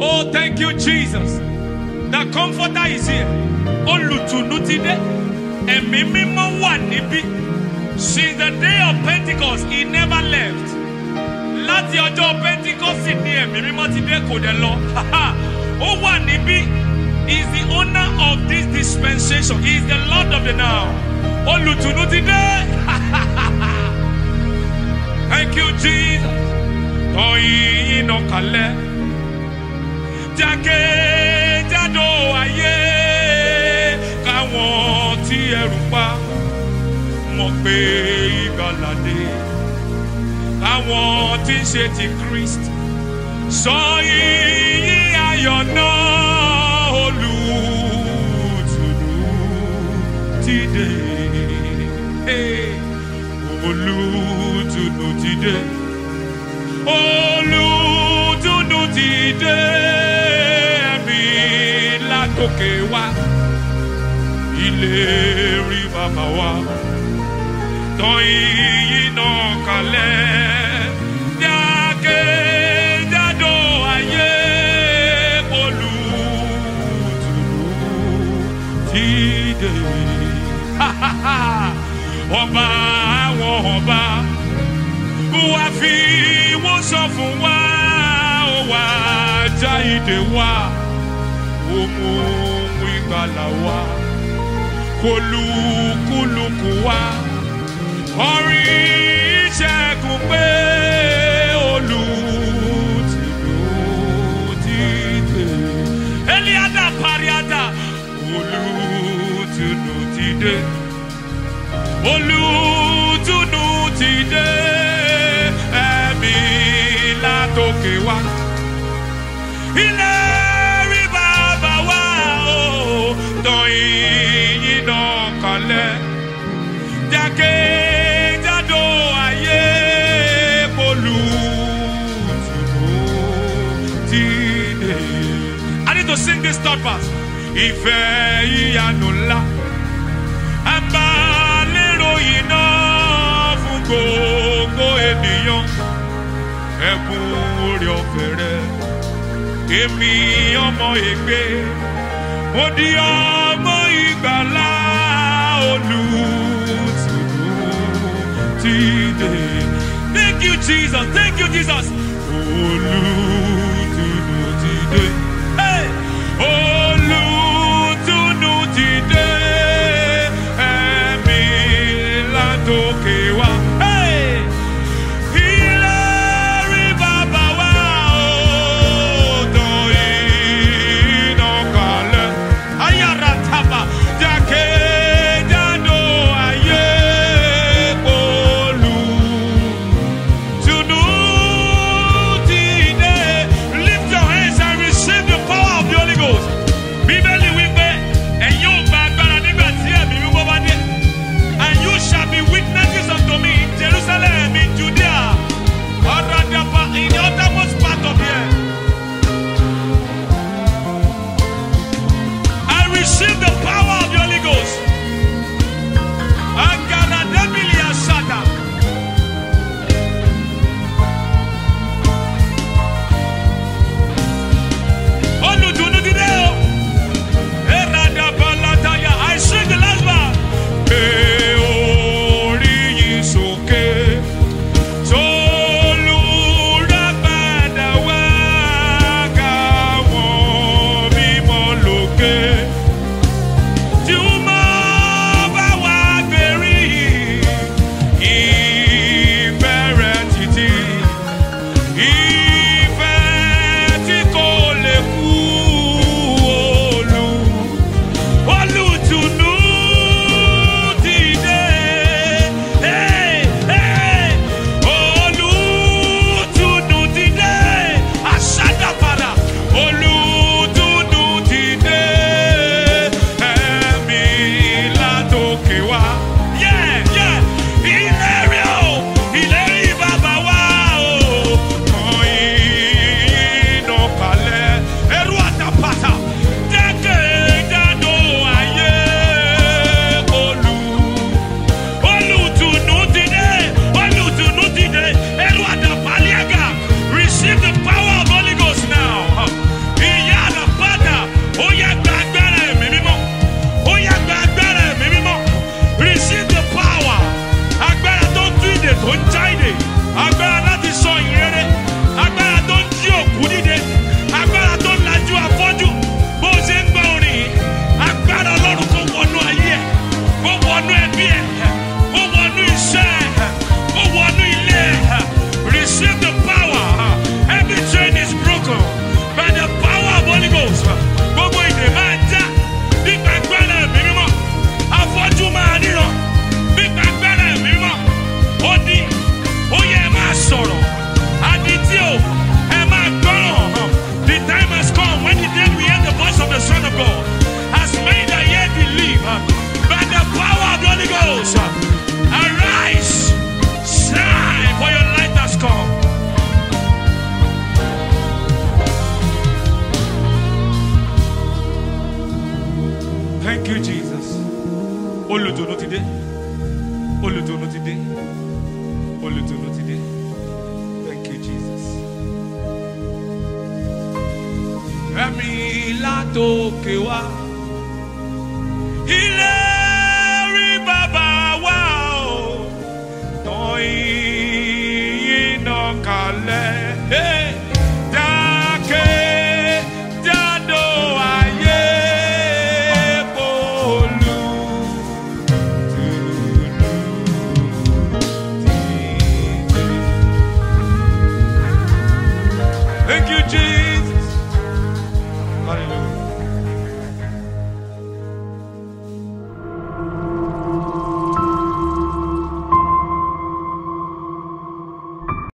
Oh, thank you, Jesus. The comforter is here. Olùtùnú ti dé. Ẹ̀mí mímọ́ wà Since the day of Pentecost, he never left. Láti ọjọ́ Pentecost ni ẹ̀mí mímọ́ ti dé kò dé lọ. Ó wà is the owner of this dispensation. He is the Lord of the now. Olùtùnú ti dé. Thank you, Jesus. Toi no kalẹ̀ jákèjádò ayé káwọn tí ẹrù pa mọ̀ pé ìgbàládé káwọn tí ṣe ti Christ sọ yìí ayọ̀ na olu olùtùnú ti hey olu ti dé olu ti dé. gòkè wá ìlérí bàbá wa tán ìyìn náà kalẹ̀. ọba àwọn ọba wá fi wọ́n sọ fún wa ó wá já ìdè wa. umungu ingala wa kolúkúlùkù wa orin ìṣẹ́gun pé olùtìlú dìde eliada pariada olùtìlú dìde olùtìlú dìde. I need to sing this third verse. Ìfẹ́ ìyanu ńlá. A lérò iná fún gbogbo ènìyàn. Ẹ̀bùn orí Èmi ọmọ ègbé. Mo ọmọ ìgbàlá olu ti dé. Thank you Jesus, thank you Jesus. Olu every day. Thank you, Jesus. do not Olùdùnnú ti dé. Olùdùnnú ti dé. do not today. Thank you, Jesus. Ẹ̀mí látòkè wá. Ilé. future.